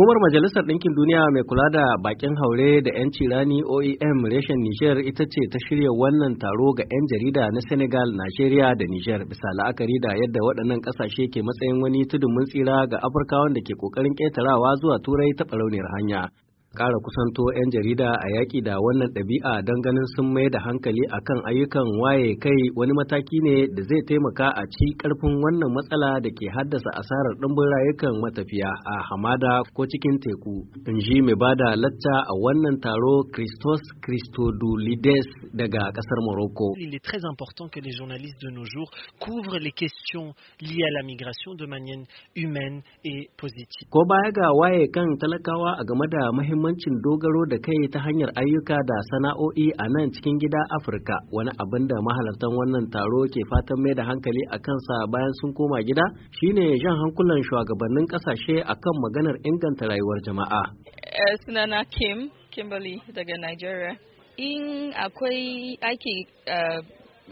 Hukumar Majalisar Ɗinkin Duniya mai kula da bakin haure da 'yanci rani OEM reshen Nijar ita ce ta shirya wannan taro ga 'yan jarida na Senegal, Najeriya da Nijar bisa la'akari da yadda waɗannan ƙasashe ke matsayin wani tudun mun tsira ga Afirkawan da ke ƙoƙarin ƙetarawa zuwa Turai ta ɓarauniyar hanya kara kusanto 'yan jarida a yaƙi da wannan ɗabi'a don ganin sun mai da hankali a kan ayyukan waye kai wani mataki ne da zai taimaka a ci ƙarfin wannan matsala da ke haddasa asarar ɗumbin rayukan matafiya a hamada ko cikin teku in ji mai ba da latta a wannan taro christos christodoulides daga ƙasar morocco il est très important que les journalistes de nos jours couvrent les questions liées à la migration de manière humaine et positive ko baya ga waye kan talakawa a game da mahimmanci muhimmancin dogaro da kai ta hanyar ayyuka da sana'o'i a nan cikin gida Afirka wani abin da mahalartan wannan taro ke fatan mai da hankali a kansa bayan sun koma gida shine jan hankulan shugabannin kasashe akan maganar inganta rayuwar jama'a. Eh, sunana Kim, Kimberly daga Nigeria. In akwai aiki eh,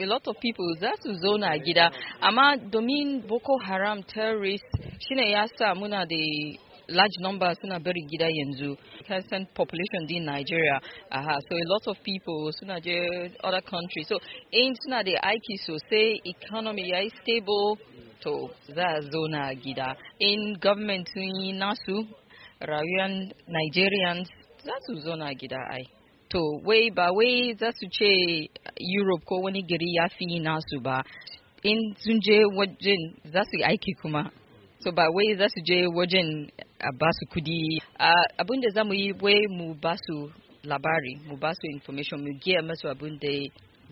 a lot of people za su zauna gida amma domin boko haram terrorist shine ya sa muna da large number suna bari gida yanzu kasan population din Nigeria aha so a lot of people suna je other countries so in suna da aiki sosai economy yi stable to za a na gida in government sun yi nasu rayuwar Nigerians za su na gida ai to wai ba wai za su ce Europe ko wani gari ya fi nasu ba in sun je wajen za su yi aiki kuma so ba wai za su je wajen a ba su kudi abin da za mu yi wai mu ba labari mu ba su information mu giya masu abin da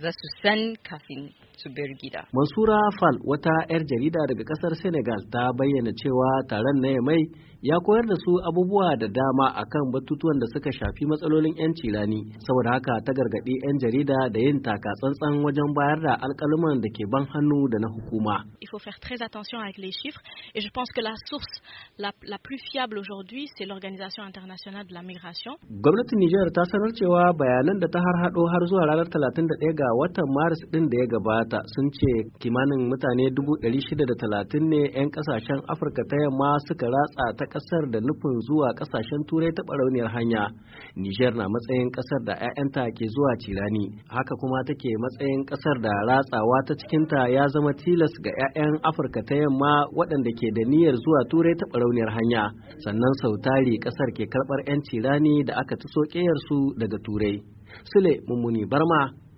za su san kafin su bar gida. Mansura Fal wata 'yar jarida daga kasar Senegal ta bayyana cewa taron na mai ya koyar da su abubuwa da dama akan batutuwan da suka shafi matsalolin 'yanci rani saboda haka ta gargaɗi 'yan jarida da yin taka tsantsan wajen bayar da alƙaluman da ke ban hannu da na hukuma. Il faut faire très attention avec les chiffres et je pense que la source la, la plus fiable aujourd'hui c'est l'Organisation internationale de la migration. Gwamnatin Nijar ta sanar cewa bayanan da ta harhaɗo har zuwa ranar 31 ga da watan maris din da ya gabata sun ce kimanin mutane 630 ne 'yan kasashen afirka ta yamma suka ratsa ta ƙasar da nufin zuwa ƙasashen turai ta barauniyar hanya niger na matsayin ƙasar da 'ya'yanta ke zuwa cirani haka kuma take matsayin ƙasar da ratsawa ta cikinta ya zama tilas ga 'ya'yan afirka ta yamma waɗanda ke da niyyar zuwa turai ta barauniyar hanya sannan sau tari ƙasar ke karɓar 'yan cirani da aka ta so su daga turai sule mummuni barma